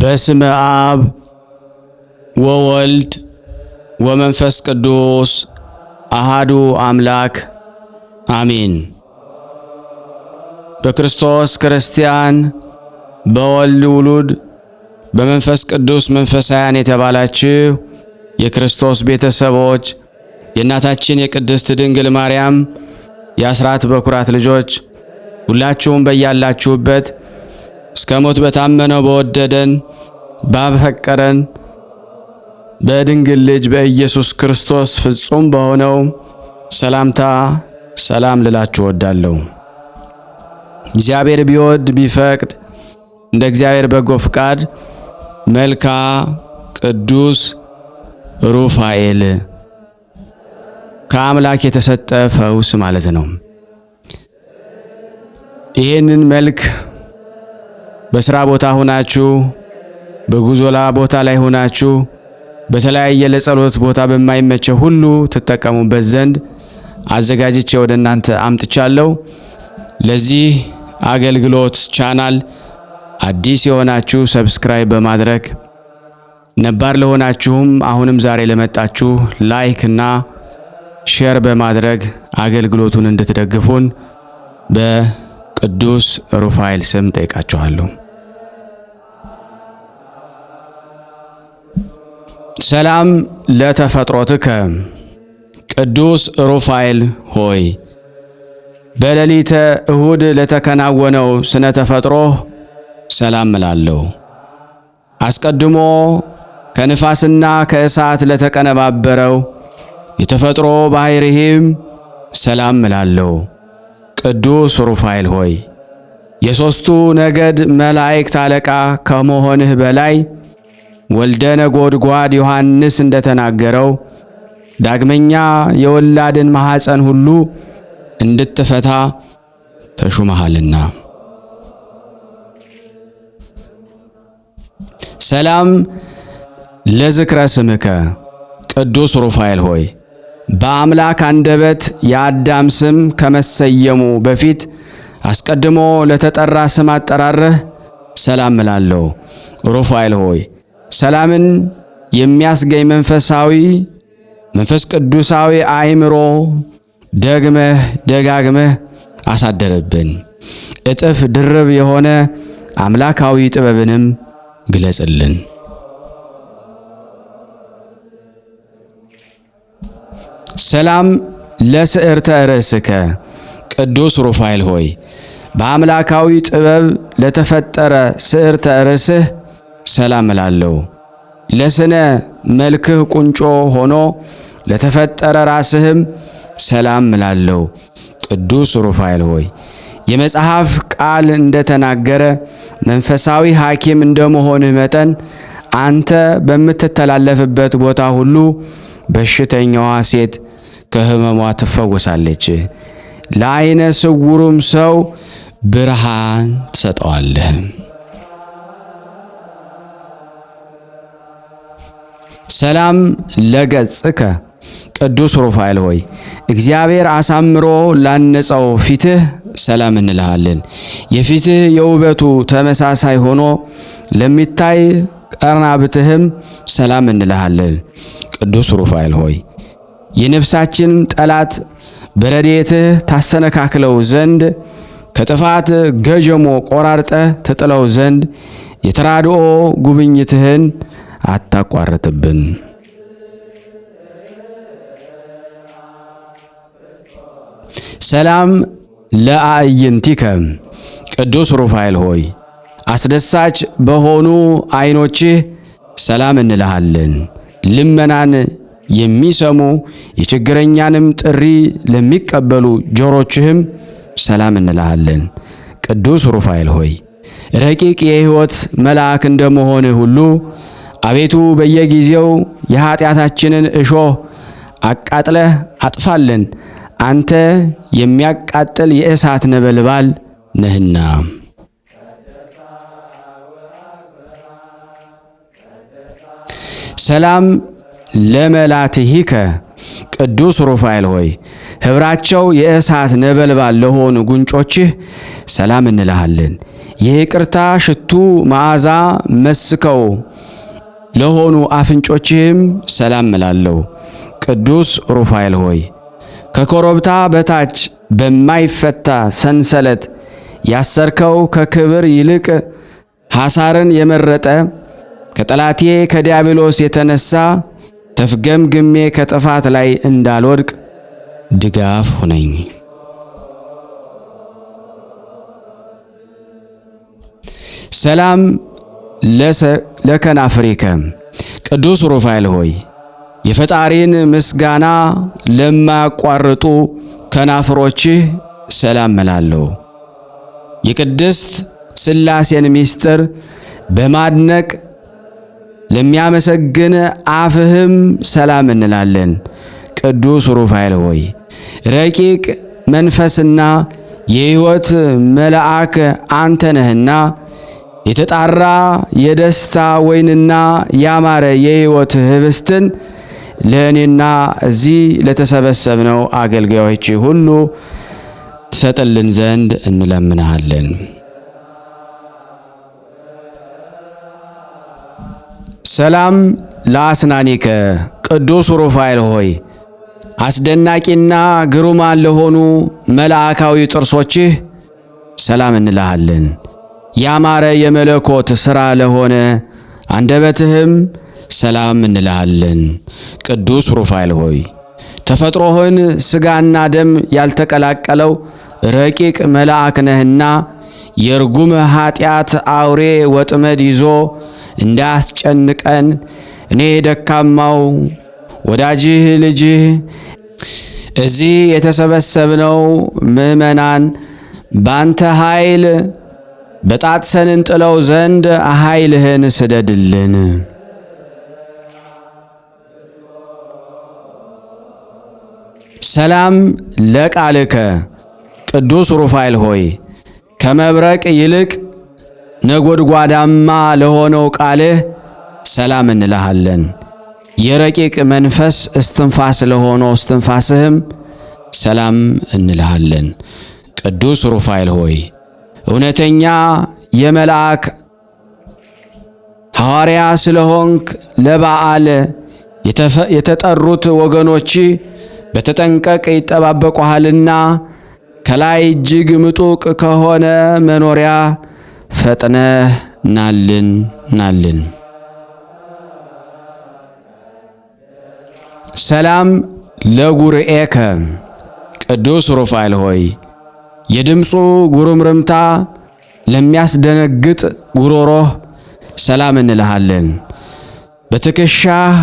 በስመ አብ ወወልድ ወመንፈስ ቅዱስ አሃዱ አምላክ አሜን። በክርስቶስ ክርስቲያን፣ በወልድ ውሉድ፣ በመንፈስ ቅዱስ መንፈሳውያን የተባላችሁ የክርስቶስ ቤተሰቦች የእናታችን የቅድስት ድንግል ማርያም የአስራት በኩራት ልጆች ሁላችሁም በያላችሁበት እስከ ሞት በታመነው በወደደን ባፈቀረን በድንግል ልጅ በኢየሱስ ክርስቶስ ፍጹም በሆነው ሰላምታ ሰላም ልላችሁ ወዳለሁ። እግዚአብሔር ቢወድ ቢፈቅድ እንደ እግዚአብሔር በጎ ፍቃድ መልካ ቅዱስ ሩፋኤል ከአምላክ የተሰጠ ፈውስ ማለት ነው። ይህንን መልክ በስራ ቦታ ሆናችሁ፣ በጉዞላ ቦታ ላይ ሆናችሁ በተለያየ ለጸሎት ቦታ በማይመቸው ሁሉ ትጠቀሙበት ዘንድ አዘጋጅቼ ወደ እናንተ አምጥቻለሁ። ለዚህ አገልግሎት ቻናል አዲስ የሆናችሁ ሰብስክራይብ በማድረግ ነባር ለሆናችሁም አሁንም ዛሬ ለመጣችሁ ላይክ እና ሼር በማድረግ አገልግሎቱን እንድትደግፉን በቅዱስ ሩፋኤል ስም ጠይቃችኋለሁ። ሰላም ለተፈጥሮትከ ቅዱስ ሩፋኤል ሆይ በሌሊተ እሁድ ለተከናወነው ስነ ተፈጥሮህ ሰላም እላለሁ። አስቀድሞ ከንፋስና ከእሳት ለተቀነባበረው የተፈጥሮ ባሕርይህም ሰላም እላለሁ። ቅዱስ ሩፋኤል ሆይ የሦስቱ ነገድ መላእክት አለቃ ከመሆንህ በላይ ወልደ ነጎድጓድ ዮሐንስ እንደተናገረው ዳግመኛ የወላድን ማኅፀን ሁሉ እንድትፈታ ተሹመሃልና። ሰላም ለዝክረ ስምከ ቅዱስ ሩፋኤል ሆይ በአምላክ አንደበት የአዳም ስም ከመሰየሙ በፊት አስቀድሞ ለተጠራ ስም አጠራርህ ሰላም እላለሁ። ሩፋኤል ሆይ ሰላምን የሚያስገኝ መንፈሳዊ መንፈስ ቅዱሳዊ አእምሮ ደግመህ ደጋግመህ አሳደረብን። እጥፍ ድርብ የሆነ አምላካዊ ጥበብንም ግለጽልን። ሰላም ለስዕርተ ርእስከ ቅዱስ ሩፋኤል ሆይ በአምላካዊ ጥበብ ለተፈጠረ ስዕርተ ርእስህ ሰላም እላለሁ። ለስነ መልክህ ቁንጮ ሆኖ ለተፈጠረ ራስህም ሰላም እላለሁ። ቅዱስ ሩፋኤል ሆይ የመጽሐፍ ቃል እንደተናገረ መንፈሳዊ ሐኪም እንደመሆንህ መጠን አንተ በምትተላለፍበት ቦታ ሁሉ በሽተኛዋ ሴት ከህመሟ ትፈወሳለች። ለዓይነ ስውሩም ሰው ብርሃን ትሰጠዋለህ። ሰላም ለገጽከ ቅዱስ ሩፋኤል ሆይ እግዚአብሔር አሳምሮ ላነጸው ፊትህ ሰላም እንልሃለን። የፊትህ የውበቱ ተመሳሳይ ሆኖ ለሚታይ ቀናብትህም ሰላም እንልሃለን። ቅዱስ ሩፋኤል ሆይ የነፍሳችን ጠላት በረድኤትህ ታስተነካክለው ዘንድ ከጥፋት ገጀሞ ቆራርጠ ተጥለው ዘንድ የተራድኦ ጉብኝትህን አታቋርጥብን። ሰላም ለአዕይንቲከ ቅዱስ ሩፋኤል ሆይ አስደሳች በሆኑ ዐይኖችህ ሰላም እንልሃለን። ልመናን የሚሰሙ የችግረኛንም ጥሪ ለሚቀበሉ ጆሮችህም ሰላም እንልሃለን። ቅዱስ ሩፋኤል ሆይ ረቂቅ የሕይወት መልአክ እንደመሆንህ ሁሉ አቤቱ በየጊዜው የኀጢአታችንን እሾህ አቃጥለህ አጥፋልን፣ አንተ የሚያቃጥል የእሳት ነበልባል ነህና። ሰላም ለመላትሂከ ቅዱስ ሩፋኤል ሆይ ኅብራቸው የእሳት ነበልባል ለሆኑ ጉንጮችህ ሰላም እንልሃለን። የይቅርታ ሽቱ መዓዛ መስከው ለሆኑ አፍንጮችህም ሰላም እላለሁ። ቅዱስ ሩፋኤል ሆይ ከኮረብታ በታች በማይፈታ ሰንሰለት ያሰርከው ከክብር ይልቅ ሐሳርን የመረጠ ከጠላቴ ከዲያብሎስ የተነሳ ተፍገምግሜ ከጥፋት ላይ እንዳልወድቅ ድጋፍ ሁነኝ። ሰላም ለከናፍሬከ ቅዱስ ሩፋኤል ሆይ የፈጣሪን ምስጋና ለማያቋርጡ ከናፍሮችህ ሰላም እላለሁ። የቅድስት ሥላሴን ምስጢር በማድነቅ ለሚያመሰግን አፍህም ሰላም እንላለን። ቅዱስ ሩፋኤል ሆይ ረቂቅ መንፈስና የሕይወት መልአክ አንተ ነህና የተጣራ የደስታ ወይንና ያማረ የሕይወት ህብስትን ለእኔና እዚህ ለተሰበሰብነው አገልጋዮች ሁሉ ትሰጥልን ዘንድ እንለምንሃለን። ሰላም ለአስናኒከ ቅዱስ ሩፋኤል ሆይ አስደናቂና ግሩማን ለሆኑ መልአካዊ ጥርሶችህ ሰላም እንልሃለን። ያማረ የመለኮት ሥራ ለሆነ አንደበትህም ሰላም እንልሃለን። ቅዱስ ሩፋኤል ሆይ ተፈጥሮህን ሥጋና ደም ያልተቀላቀለው ረቂቅ መልአክ ነህና የርጉም ኀጢአት አውሬ ወጥመድ ይዞ እንዳያስጨንቀን እኔ ደካማው ወዳጅህ ልጅህ እዚህ የተሰበሰብነው ምእመናን ባንተ ኃይል በጣት ሰንንጥለው ዘንድ ኃይልህን ስደድልን። ሰላም ለቃልከ ቅዱስ ሩፋኤል ሆይ ከመብረቅ ይልቅ ነጎድጓዳማ ለሆነው ቃልህ ሰላም እንልሃለን። የረቂቅ መንፈስ እስትንፋስ ለሆነው እስትንፋስህም ሰላም እንልሃለን። ቅዱስ ሩፋኤል ሆይ እውነተኛ የመልአክ ሐዋርያ ስለሆንክ ለበዓል የተጠሩት ወገኖች በተጠንቀቅ ይጠባበቁሃልና ከላይ እጅግ ምጡቅ ከሆነ መኖሪያ ፈጥነ ናልን ናልን። ሰላም ለጉርኤከ ቅዱስ ሩፋኤል ሆይ የድምፁ ጉርምርምታ ለሚያስደነግጥ ጉሮሮህ ሰላም እንልሃለን። በትከሻህ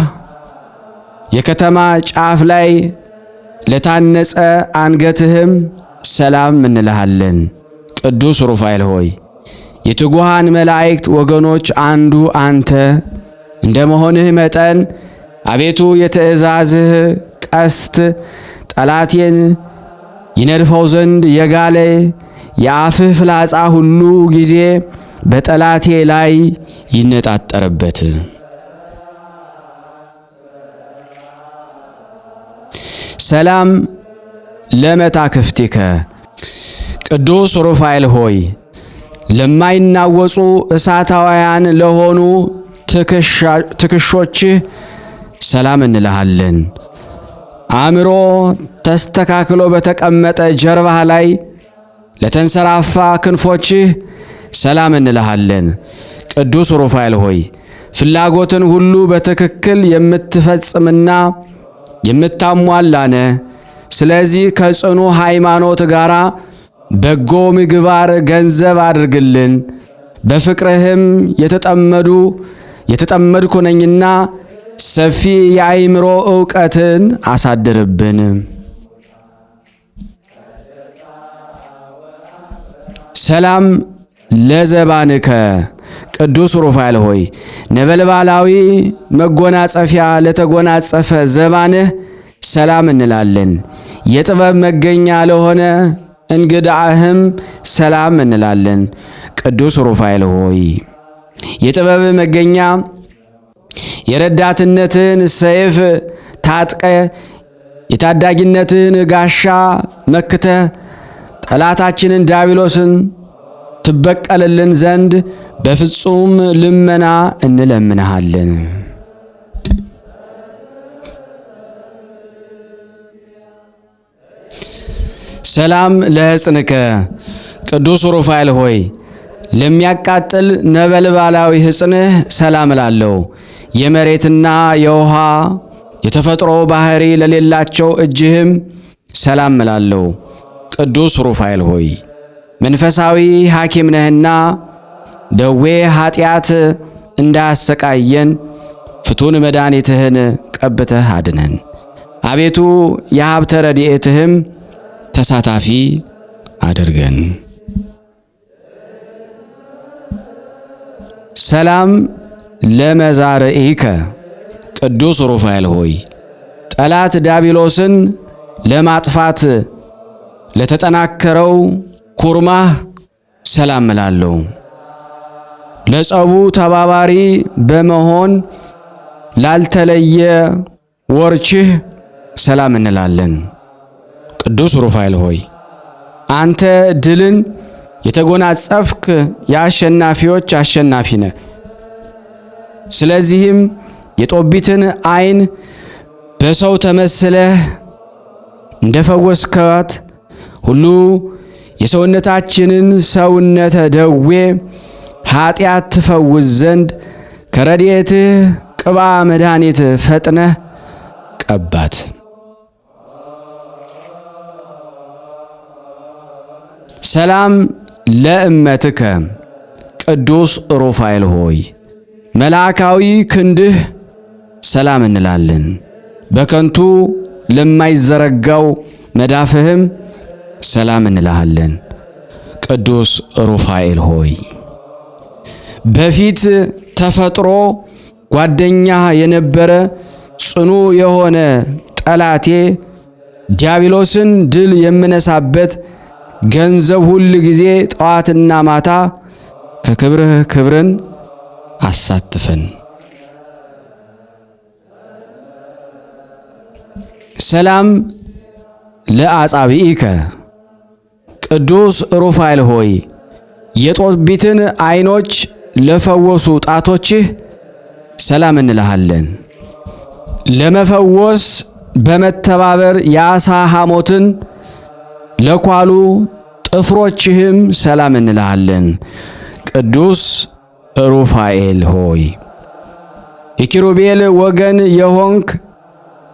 የከተማ ጫፍ ላይ ለታነጸ አንገትህም ሰላም እንልሃለን። ቅዱስ ሩፋኤል ሆይ የትጉሃን መላእክት ወገኖች አንዱ አንተ እንደ መሆንህ መጠን አቤቱ የትእዛዝህ ቀስት ጠላቴን ይነድፈው ዘንድ የጋለ የአፍህ ፍላጻ ሁሉ ጊዜ በጠላቴ ላይ ይነጣጠርበት። ሰላም ክፍቲከ ቅዱስ ሩፋኤል ሆይ ለማይናወጹ እሳታውያን ለሆኑ ትክሾች ሰላም እንልሃለን። አእምሮ ተስተካክሎ በተቀመጠ ጀርባህ ላይ ለተንሰራፋ ክንፎችህ ሰላም እንልሃለን። ቅዱስ ሩፋኤል ሆይ ፍላጎትን ሁሉ በትክክል የምትፈጽምና የምታሟላነ፣ ስለዚህ ከጽኑ ሃይማኖት ጋር በጎ ምግባር ገንዘብ አድርግልን። በፍቅርህም የተጠመዱ የተጠመድኩ ነኝና ሰፊ የአእምሮ እውቀትን አሳድርብን። ሰላም ለዘባንከ ቅዱስ ሩፋኤል ሆይ ነበልባላዊ መጎናጸፊያ ለተጎናጸፈ ዘባንህ ሰላም እንላለን። የጥበብ መገኛ ለሆነ እንግዳህም ሰላም እንላለን። ቅዱስ ሩፋኤል ሆይ የጥበብ መገኛ የረዳትነትን ሰይፍ ታጥቀ የታዳጊነትን ጋሻ መክተ ጠላታችንን ዳቢሎስን ትበቀልልን ዘንድ በፍጹም ልመና እንለምንሃለን። ሰላም ለሕፅንከ ቅዱስ ሩፋኤል ሆይ ለሚያቃጥል ነበልባላዊ ሕፅንህ ሰላም እላለሁ። የመሬትና የውሃ የተፈጥሮ ባህሪ ለሌላቸው እጅህም ሰላም እላለሁ። ቅዱስ ሩፋኤል ሆይ መንፈሳዊ ሐኪም ነህና ደዌ ኀጢአት እንዳያሰቃየን ፍቱን መድኃኒትህን ቀብተህ አድነን። አቤቱ የሀብተ ረድኤትህም ተሳታፊ አድርገን። ሰላም ለመዛርኢከ ቅዱስ ሩፋኤል ሆይ ጠላት ዳቢሎስን ለማጥፋት ለተጠናከረው ኩርማህ ሰላም እላለሁ። ለጸቡ ተባባሪ በመሆን ላልተለየ ወርችህ ሰላም እንላለን። ቅዱስ ሩፋኤል ሆይ አንተ ድልን የተጎናጸፍክ የአሸናፊዎች አሸናፊ ነህ። ስለዚህም የጦቢትን ዓይን በሰው ተመስለህ እንደ ሁሉ የሰውነታችንን ሰውነተ ደዌ ኀጢአት ትፈውስ ዘንድ ከረድኤትህ ቅባ መድኃኒት ፈጥነህ ቀባት። ሰላም ለእመትከ ቅዱስ ሩፋኤል ሆይ መልአካዊ ክንድህ ሰላም እንላለን። በከንቱ ለማይዘረጋው መዳፍህም ሰላም እንልሃለን። ቅዱስ ሩፋኤል ሆይ በፊት ተፈጥሮ ጓደኛ የነበረ ጽኑ የሆነ ጠላቴ ዲያብሎስን ድል የምነሳበት ገንዘብ ሁል ጊዜ ጠዋትና ማታ ከክብርህ ክብርን አሳትፈን። ሰላም ለአጻብኢከ ቅዱስ ሩፋኤል ሆይ የጦቢትን አይኖች ለፈወሱ ጣቶችህ ሰላም እንልሃለን። ለመፈወስ በመተባበር የአሳ ሐሞትን ለኳሉ ጥፍሮችህም ሰላም እንልሃለን። ቅዱስ ሩፋኤል ሆይ የኪሩቤል ወገን የሆንክ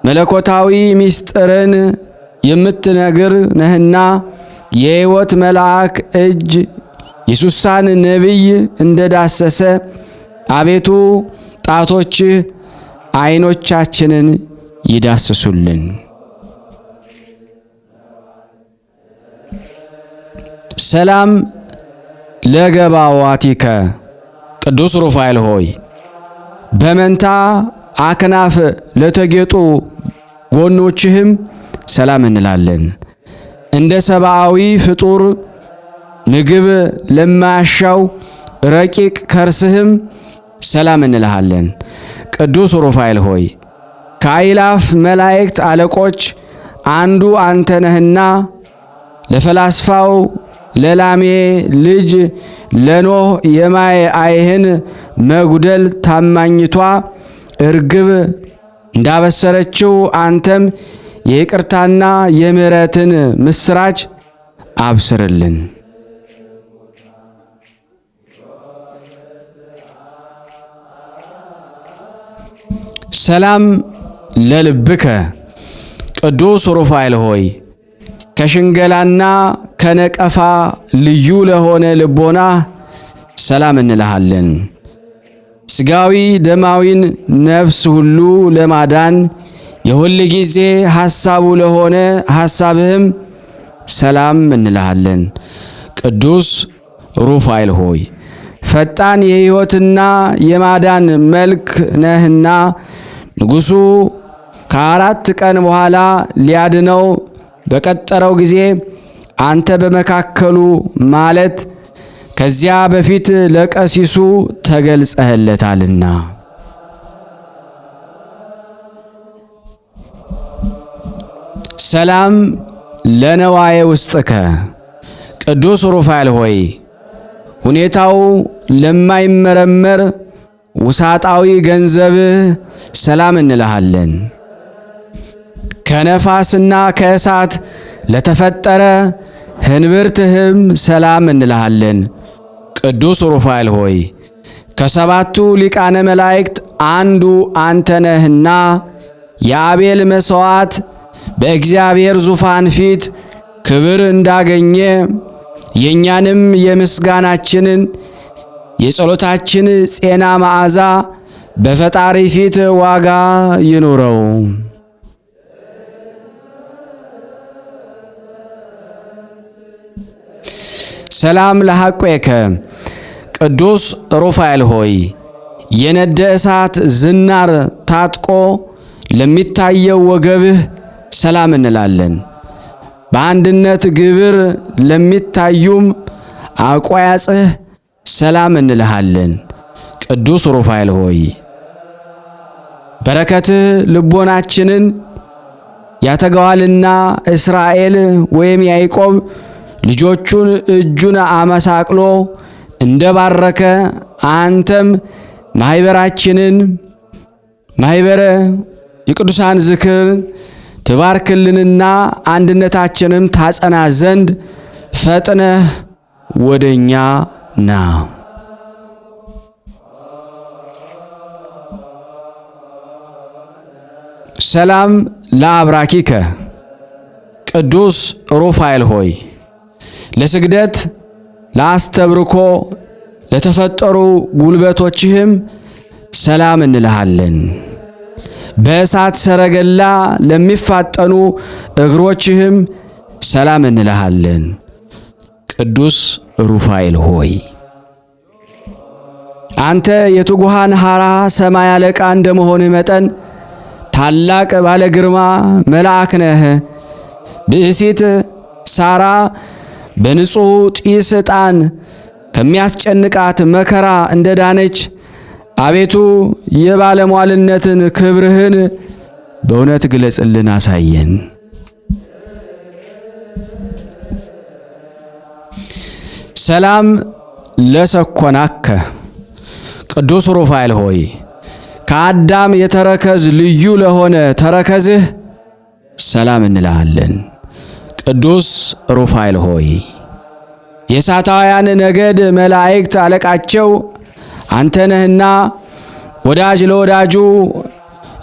መለኮታዊ ምስጢርን የምትነግር ነህና የሕይወት መልአክ እጅ የሱሳን ነቢይ እንደዳሰሰ አቤቱ ጣቶችህ አይኖቻችንን ይዳስሱልን። ሰላም ለገባዋቲከ ቅዱስ ሩፋኤል ሆይ በመንታ አክናፍ ለተጌጡ ጎኖችህም ሰላም እንላለን። እንደ ሰብአዊ ፍጡር ምግብ ለማያሻው ረቂቅ ከርስህም ሰላም እንልሃለን። ቅዱስ ሩፋኤል ሆይ ካይላፍ መላእክት አለቆች አንዱ አንተ ነህና ለፈላስፋው ለላሜ ልጅ ለኖህ የማየ አይህን መጉደል ታማኝቷ እርግብ እንዳበሰረችው አንተም የይቅርታና የምሕረትን ምስራች አብስርልን። ሰላም ለልብከ ቅዱስ ሩፋኤል ሆይ ከሽንገላና ከነቀፋ ልዩ ለሆነ ልቦና ሰላም እንልሃለን። ስጋዊ ደማዊን ነፍስ ሁሉ ለማዳን የሁል ጊዜ ሐሳቡ ለሆነ ሐሳብህም ሰላም እንልሃለን። ቅዱስ ሩፋኤል ሆይ ፈጣን የሕይወትና የማዳን መልክ ነህና ንጉሡ ከአራት ቀን በኋላ ሊያድነው በቀጠረው ጊዜ አንተ በመካከሉ ማለት ከዚያ በፊት ለቀሲሱ ተገልጸህለታልና። ሰላም ለነዋዬ ውስጥከ ቅዱስ ሩፋኤል ሆይ ሁኔታው ለማይመረመር ውሳጣዊ ገንዘብህ ሰላም እንልሃለን። ከነፋስና ከእሳት ለተፈጠረ ህንብርትህም ሰላም እንልሃለን። ቅዱስ ሩፋኤል ሆይ ከሰባቱ ሊቃነ መላእክት አንዱ አንተ ነህና የአቤል መሥዋዕት በእግዚአብሔር ዙፋን ፊት ክብር እንዳገኘ የእኛንም የምስጋናችንን የጸሎታችን ጼና መዓዛ በፈጣሪ ፊት ዋጋ ይኑረው። ሰላም ለሐቆከ ቅዱስ ሩፋኤል ሆይ የነደ እሳት ዝናር ታጥቆ ለሚታየው ወገብህ ሰላም እንላለን። በአንድነት ግብር ለሚታዩም አቋያጽህ ሰላም እንልሃለን። ቅዱስ ሩፋኤል ሆይ በረከትህ ልቦናችንን ያተጋዋልና እስራኤል ወይም ያዕቆብ ልጆቹን እጁን አመሳቅሎ እንደ ባረከ አንተም ማኅበራችንን ማኅበረ የቅዱሳን ዝክር ትባርክልንና አንድነታችንም ታጸና ዘንድ ፈጥነህ ወደ እኛ ና። ሰላም ለአብራኪከ ቅዱስ ሩፋኤል ሆይ ለስግደት ለአስተብርኮ ለተፈጠሩ ጉልበቶችህም ሰላም እንልሃለን። በእሳት ሰረገላ ለሚፋጠኑ እግሮችህም ሰላም እንልሃለን። ቅዱስ ሩፋኤል ሆይ አንተ የትጉሃን ሐራ ሰማይ አለቃ እንደመሆንህ መጠን ታላቅ ባለ ግርማ መልአክ ነህ። ብእሲት ሳራ በንጹሕ ጢስ ዕጣን ከሚያስጨንቃት መከራ እንደ ዳነች አቤቱ የባለሟልነትን ክብርህን በእውነት ግለጽልን፣ አሳየን። ሰላም ለሰኮናከ ቅዱስ ሩፋኤል ሆይ ከአዳም የተረከዝ ልዩ ለሆነ ተረከዝህ ሰላም እንልሃለን። ቅዱስ ሩፋኤል ሆይ የእሳታውያን ነገድ መላእክት አለቃቸው አንተ ነህና ወዳጅ ለወዳጁ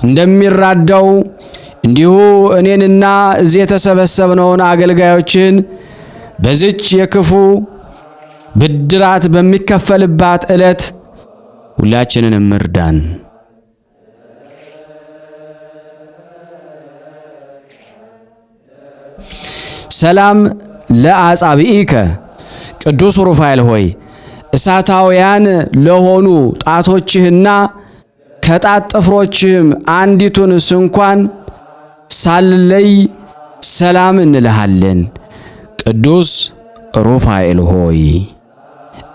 እንደሚራዳው እንዲሁ እኔንና እዚህ የተሰበሰብነውን አገልጋዮችን በዚች የክፉ ብድራት በሚከፈልባት ዕለት ሁላችንንም እርዳን። ሰላም ለአጻብኢከ ቅዱስ ሩፋኤል ሆይ እሳታውያን ለሆኑ ጣቶችህና ከጣት ጥፍሮችህም አንዲቱን ስንኳን ሳልለይ ሰላም እንልሃለን። ቅዱስ ሩፋኤል ሆይ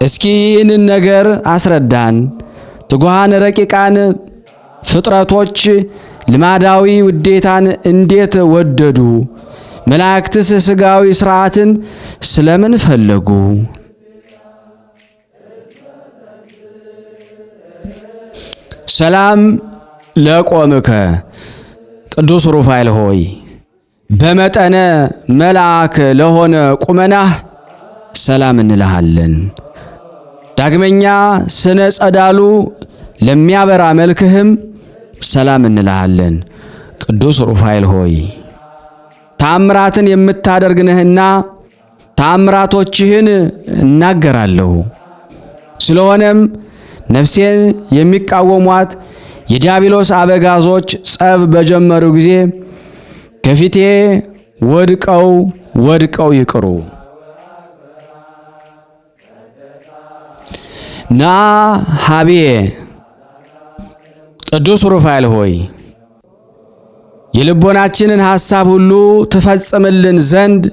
እስኪ ይህንን ነገር አስረዳን። ትጉሃን ረቂቃን ፍጥረቶች ልማዳዊ ውዴታን እንዴት ወደዱ? መላእክትስ ሥጋዊ ሥርዓትን ስለምን ፈለጉ? ሰላም ለቆምከ ቅዱስ ሩፋኤል ሆይ በመጠነ መልአክ ለሆነ ቁመናህ ሰላም እንልሃለን። ዳግመኛ ስነ ጸዳሉ ለሚያበራ መልክህም ሰላም እንልሃለን። ቅዱስ ሩፋኤል ሆይ ታምራትን የምታደርግ ነህና ታምራቶችህን እናገራለሁ። ስለሆነም ነፍሴን የሚቃወሟት የዲያብሎስ አበጋዞች ጸብ በጀመሩ ጊዜ ከፊቴ ወድቀው ወድቀው ይቅሩ። ና ሀቤ ቅዱስ ሩፋኤል ሆይ የልቦናችንን ሐሳብ ሁሉ ትፈጽምልን ዘንድ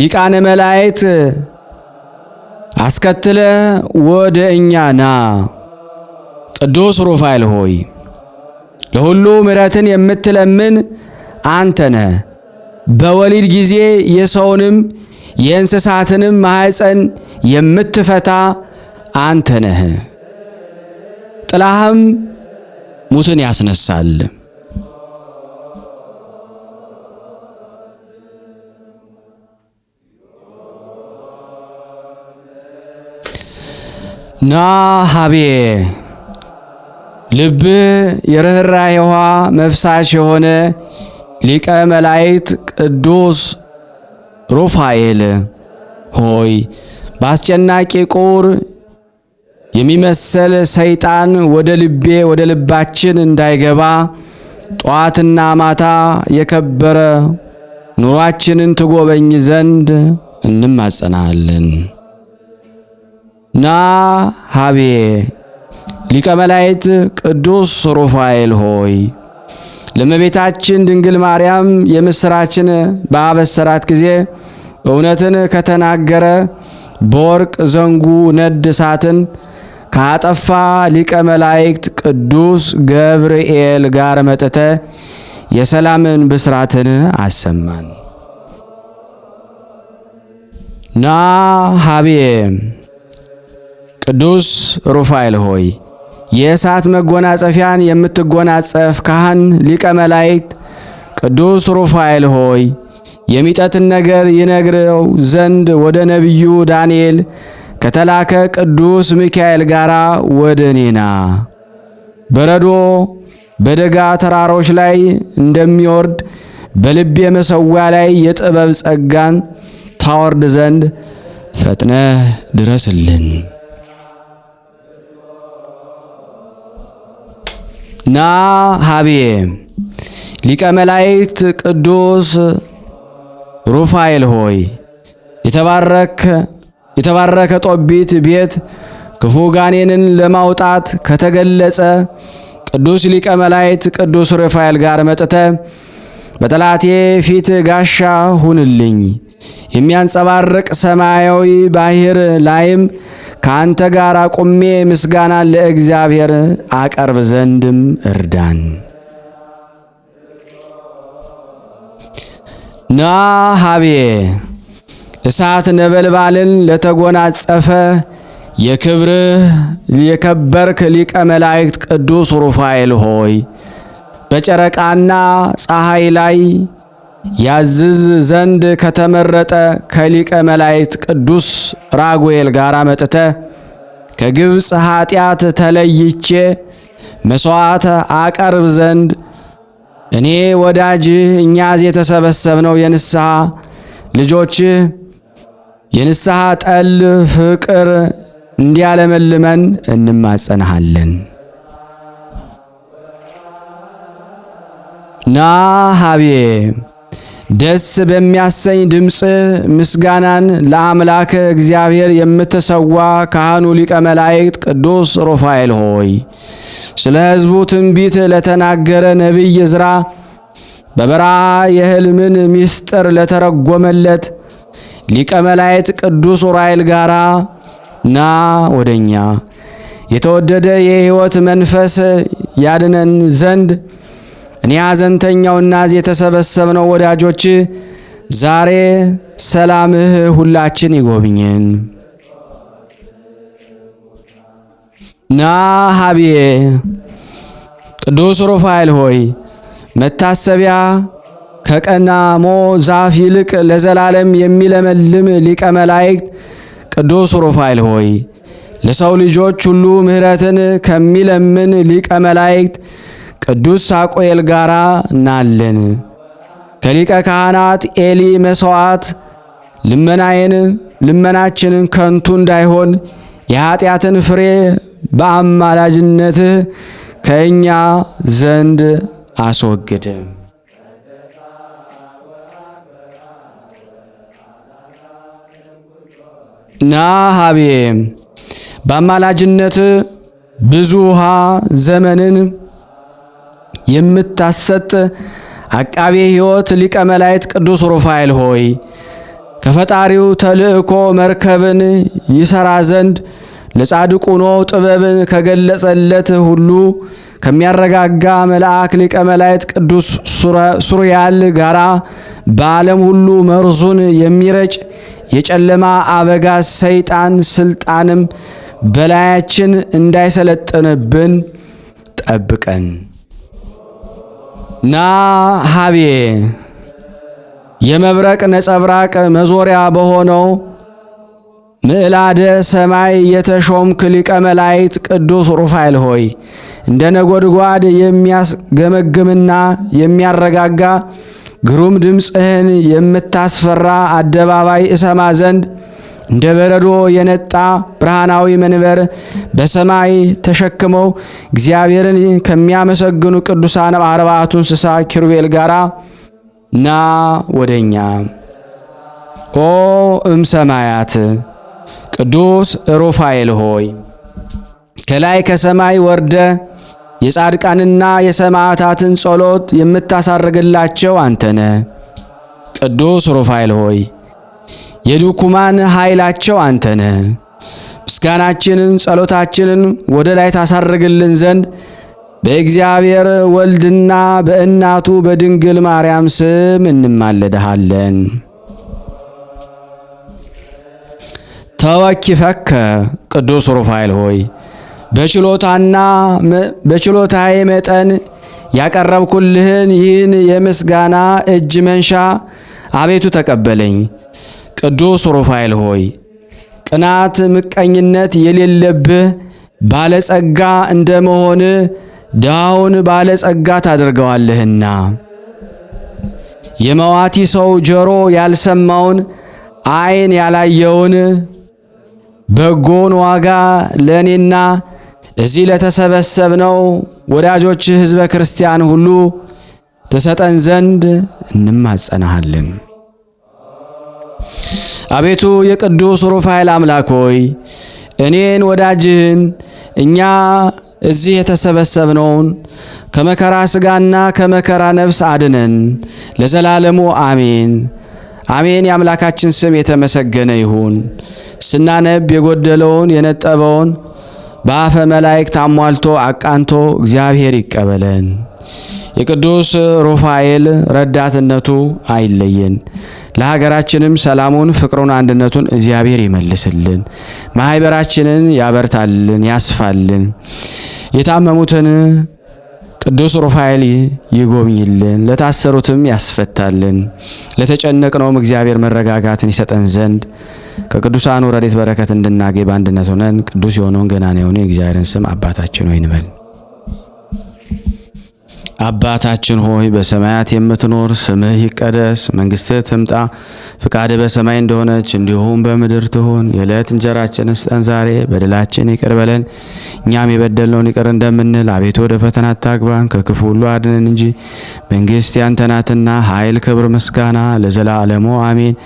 ሊቃነ መላእክት አስከትለ ወደ እኛ ና። ቅዱስ ሩፋኤል ሆይ ለሁሉ ምሕረትን የምትለምን አንተ ነህ። በወሊድ ጊዜ የሰውንም የእንስሳትንም ማኅፀን የምትፈታ አንተ ነህ። ጥላህም ሙትን ያስነሳል። ና ሀቤ ልብ የርኅራኄ ውሃ መፍሳሽ የሆነ ሊቀ መላእክት ቅዱስ ሩፋኤል ሆይ በአስጨናቂ ቁር የሚመሰል ሰይጣን ወደ ልቤ ወደ ልባችን እንዳይገባ ጧትና ማታ የከበረ ኑሯችንን ትጎበኝ ዘንድ እንማጸናለን። ና ሀቤ ሊቀ መላእክት ቅዱስ ሩፋኤል ሆይ ለመቤታችን ድንግል ማርያም የምስራችን በአበሰራት ጊዜ እውነትን ከተናገረ በወርቅ ዘንጉ ነድ እሳትን ካጠፋ ሊቀ መላእክት ቅዱስ ገብርኤል ጋር መጥተ የሰላምን ብስራትን አሰማን። ና ሀቤ ቅዱስ ሩፋኤል ሆይ የእሳት መጎናጸፊያን የምትጎናጸፍ ካህን ሊቀ መላእክት ቅዱስ ሩፋኤል ሆይ የሚጠትን ነገር ይነግረው ዘንድ ወደ ነቢዩ ዳንኤል ከተላከ ቅዱስ ሚካኤል ጋር ወደ እኔና በረዶ በደጋ ተራሮች ላይ እንደሚወርድ በልብ የመሠዊያ ላይ የጥበብ ጸጋን ታወርድ ዘንድ ፈጥነህ ድረስልን። ና ሀብዬ ሊቀ መላእክት ቅዱስ ሩፋኤል ሆይ የተባረከ ጦቢት ቤት ክፉ ጋኔንን ለማውጣት ከተገለጸ ቅዱስ ሊቀ መላእክት ቅዱስ ሩፋኤል ጋር መጥተ በጠላቴ ፊት ጋሻ ሁንልኝ የሚያንጸባርቅ ሰማያዊ ባህር ላይም ከአንተ ጋር አቁሜ ምስጋናን ለእግዚአብሔር አቀርብ ዘንድም እርዳን። ና ሀቤ እሳት ነበልባልን ለተጎናጸፈ የክብርህ የከበርክ ሊቀ መላእክት ቅዱስ ሩፋኤል ሆይ በጨረቃና ፀሐይ ላይ ያዝዝ ዘንድ ከተመረጠ ከሊቀ መላእክት ቅዱስ ራጉኤል ጋር መጥተ ከግብፅ ኃጢአት ተለይቼ መሥዋዕት አቀርብ ዘንድ እኔ ወዳጅህ እኛዝ የተሰበሰብነው የንስሐ ልጆችህ የንስሐ ጠል ፍቅር እንዲያለመልመን እንማጸንሃለን። ና ሀቤ ደስ በሚያሰኝ ድምፅ ምስጋናን ለአምላክ እግዚአብሔር የምትሰዋ ካህኑ ሊቀ መላእክት ቅዱስ ሩፋኤል ሆይ ስለ ሕዝቡ ትንቢት ለተናገረ ነቢይ ዕዝራ በበረሃ የሕልምን ምስጢር ለተረጎመለት ሊቀ መላእክት ቅዱስ ኡራኤል ጋራ ና ወደኛ የተወደደ የሕይወት መንፈስ ያድነን ዘንድ እኔ ሐዘንተኛውና እዚህ የተሰበሰብነው ወዳጆች ዛሬ ሰላምህ ሁላችን ይጎብኝን። ና ሀብዬ ቅዱስ ሩፋኤል ሆይ መታሰቢያ ከቀናሞ ዛፍ ይልቅ ለዘላለም የሚለመልም ሊቀ መላእክት ቅዱስ ሩፋኤል ሆይ ለሰው ልጆች ሁሉ ምሕረትን ከሚለምን ሊቀ መላእክት ቅዱስ ሳቆኤል ጋር ናለን። ከሊቀ ካህናት ኤሊ መሥዋዕት ልመናዬን ልመናችንን ከንቱ እንዳይሆን የኀጢአትን ፍሬ በአማላጅነትህ ከእኛ ዘንድ አስወግድ። ና ሀቤ በአማላጅነት ብዙ ውሃ ዘመንን የምታሰጥ አቃቤ ሕይወት ሊቀ መላእክት ቅዱስ ሩፋኤል ሆይ ከፈጣሪው ተልእኮ መርከብን ይሰራ ዘንድ ለጻድቁ ኖኅ ጥበብን ከገለጸለት ሁሉ ከሚያረጋጋ መልአክ ሊቀ መላእክት ቅዱስ ሱሪያል ጋራ በዓለም ሁሉ መርዙን የሚረጭ የጨለማ አበጋ ሰይጣን ስልጣንም በላያችን እንዳይሰለጥንብን ጠብቀን። ና ሀቤ የመብረቅ ነጸብራቅ መዞሪያ በሆነው ምዕላደ ሰማይ የተሾምክ ሊቀ መላእክት ቅዱስ ሩፋኤል ሆይ እንደ ነጎድጓድ የሚያስገመግምና የሚያረጋጋ ግሩም ድምፅህን የምታስፈራ አደባባይ እሰማ ዘንድ እንደ በረዶ የነጣ ብርሃናዊ መንበር በሰማይ ተሸክመው እግዚአብሔርን ከሚያመሰግኑ ቅዱሳን አርባዕቱ እንስሳ ኪሩቤል ጋራ ና ወደኛ። ኦ እምሰማያት ቅዱስ ሩፋኤል ሆይ ከላይ ከሰማይ ወርደ የጻድቃንና የሰማዕታትን ጸሎት የምታሳርግላቸው አንተነ። ቅዱስ ሩፋኤል ሆይ የድኩማን ኃይላቸው አንተ ነህ። ምስጋናችንን ጸሎታችንን ወደ ላይ ታሳርግልን ዘንድ በእግዚአብሔር ወልድና በእናቱ በድንግል ማርያም ስም እንማለድሃለን። ተወኪፈከ ቅዱስ ሩፋኤል ሆይ በችሎታና በችሎታዬ መጠን ያቀረብኩልህን ይህን የምስጋና እጅ መንሻ አቤቱ ተቀበለኝ። ቅዱስ ሩፋኤል ሆይ ቅናት፣ ምቀኝነት የሌለብህ ባለጸጋ እንደመሆን ድሃውን ባለጸጋ ታደርገዋለህና የመዋቲ ሰው ጆሮ ያልሰማውን ዓይን ያላየውን በጎን ዋጋ ለእኔና እዚህ ለተሰበሰብነው ወዳጆች ሕዝበ ክርስቲያን ሁሉ ትሰጠን ዘንድ እንማጸናሃለን። አቤቱ የቅዱስ ሩፋኤል አምላክ ሆይ እኔን ወዳጅህን እኛ እዚህ የተሰበሰብነውን ከመከራ ሥጋና ከመከራ ነፍስ አድነን ለዘላለሙ አሜን። አሜን። የአምላካችን ስም የተመሰገነ ይሁን። ስናነብ የጎደለውን የነጠበውን በአፈ መላእክት አሟልቶ አቃንቶ እግዚአብሔር ይቀበለን። የቅዱስ ሩፋኤል ረዳትነቱ አይለየን። ለሀገራችንም ሰላሙን፣ ፍቅሩን፣ አንድነቱን እግዚአብሔር ይመልስልን። ማህበራችንን ያበርታልን፣ ያስፋልን። የታመሙትን ቅዱስ ሩፋኤል ይጎብኝልን፣ ለታሰሩትም ያስፈታልን። ለተጨነቅነውም እግዚአብሔር መረጋጋትን ይሰጠን ዘንድ ከቅዱሳኑ ረድኤት በረከት እንድናገኝ በአንድነት ሆነን ቅዱስ የሆነውን ገናና የሆነ የእግዚአብሔርን ስም አባታችን ሆይ እንበል። አባታችን ሆይ በሰማያት የምትኖር ስምህ ይቀደስ፣ መንግሥትህ ትምጣ፣ ፍቃድህ በሰማይ እንደሆነች እንዲሁም በምድር ትሆን የዕለት እንጀራችን ስጠን ዛሬ፣ በደላችን ይቅር በለን እኛም የበደልነውን ይቅር እንደምንል፣ አቤቱ ወደ ፈተና አታግባን፣ ከክፉ ሁሉ አድነን እንጂ መንግስት ያንተ ናትና፣ ኃይል፣ ክብር፣ ምስጋና ለዘላለሙ አሜን።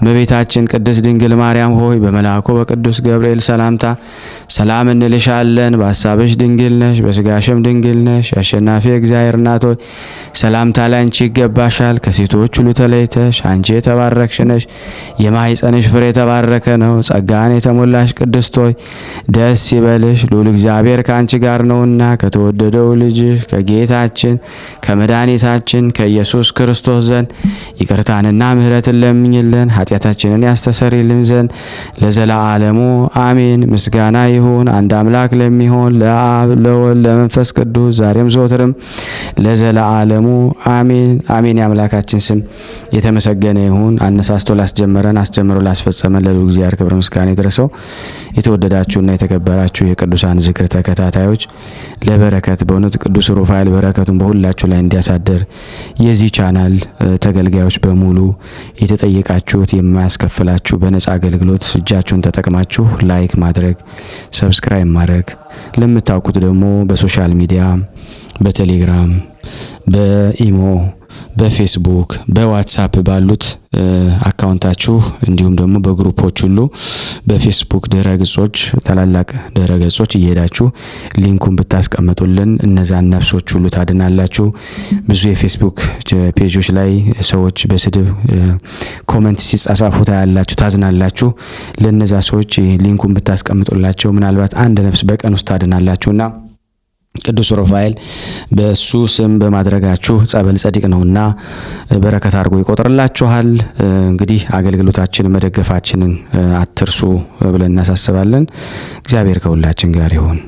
እመቤታችን ቅድስት ድንግል ማርያም ሆይ በመልአኩ በቅዱስ ገብርኤል ሰላምታ ሰላም እንልሻለን። በአሳብሽ ድንግል ነሽ፣ በስጋሽም ድንግል ነሽ። አሸናፊ እግዚአብሔር እግዚአብሔር እናት ሆይ ሰላምታ ላንቺ ይገባሻል። ከሴቶች ሁሉ ተለይተሽ አንቺ የተባረክሽ ነሽ፣ የማኅፀንሽ ፍሬ የተባረከ ነው። ጸጋን የተሞላሽ ቅድስት ሆይ ደስ ይበልሽ፣ ልዑል እግዚአብሔር ከአንቺ ጋር ነውና ከተወደደው ልጅሽ ከጌታችን ከመድኃኒታችን ከኢየሱስ ክርስቶስ ዘንድ ይቅርታንና ምሕረትን ለምኝልን ኃጢአታችንን ያስተሰርይልን ዘንድ ለዘላለሙ አሜን። ምስጋና ይሁን አንድ አምላክ ለሚሆን ለአብ ለወልድ ለመንፈስ ቅዱስ ዛሬም ዘወትርም ለዘለዓለሙ አሜን አሜን። የአምላካችን ስም የተመሰገነ ይሁን። አነሳስቶ ላስጀመረን አስጀምሮ ላስፈጸመን ለሉ እግዚአብሔር ክብር ምስጋና ይድረሰው። የተወደዳችሁና የተከበራችሁ የቅዱሳን ዝክር ተከታታዮች ለበረከት በእውነት ቅዱስ ሩፋኤል በረከቱን በሁላችሁ ላይ እንዲያሳደር የዚህ ቻናል ተገልጋዮች በሙሉ የተጠየቃችሁት የማያስከፍላችሁ በነጻ አገልግሎት እጃችሁን ተጠቅማችሁ ላይክ ማድረግ ሰብስክራይብ ማድረግ ለምታውቁት ደግሞ በሶሻል ሚዲያ በቴሌግራም፣ በኢሞ፣ በፌስቡክ፣ በዋትሳፕ ባሉት አካውንታችሁ እንዲሁም ደግሞ በግሩፖች ሁሉ በፌስቡክ ድረ ገጾች፣ ታላላቅ ድረ ገጾች እየሄዳችሁ ሊንኩን ብታስቀምጡልን እነዛን ነፍሶች ሁሉ ታድናላችሁ። ብዙ የፌስቡክ ፔጆች ላይ ሰዎች በስድብ ኮመንት ሲጻጻፉ ታያላችሁ፣ ታዝናላችሁ። ለእነዛ ሰዎች ሊንኩን ብታስቀምጡላቸው ምናልባት አንድ ነፍስ በቀን ውስጥ ታድናላችሁና ቅዱስ ሩፋኤል በሱ ስም በማድረጋችሁ ጸበል ጸዲቅ ነውና በረከት አድርጎ ይቆጥርላችኋል። እንግዲህ አገልግሎታችንን መደገፋችንን አትርሱ ብለን እናሳስባለን። እግዚአብሔር ከሁላችን ጋር ይሁን።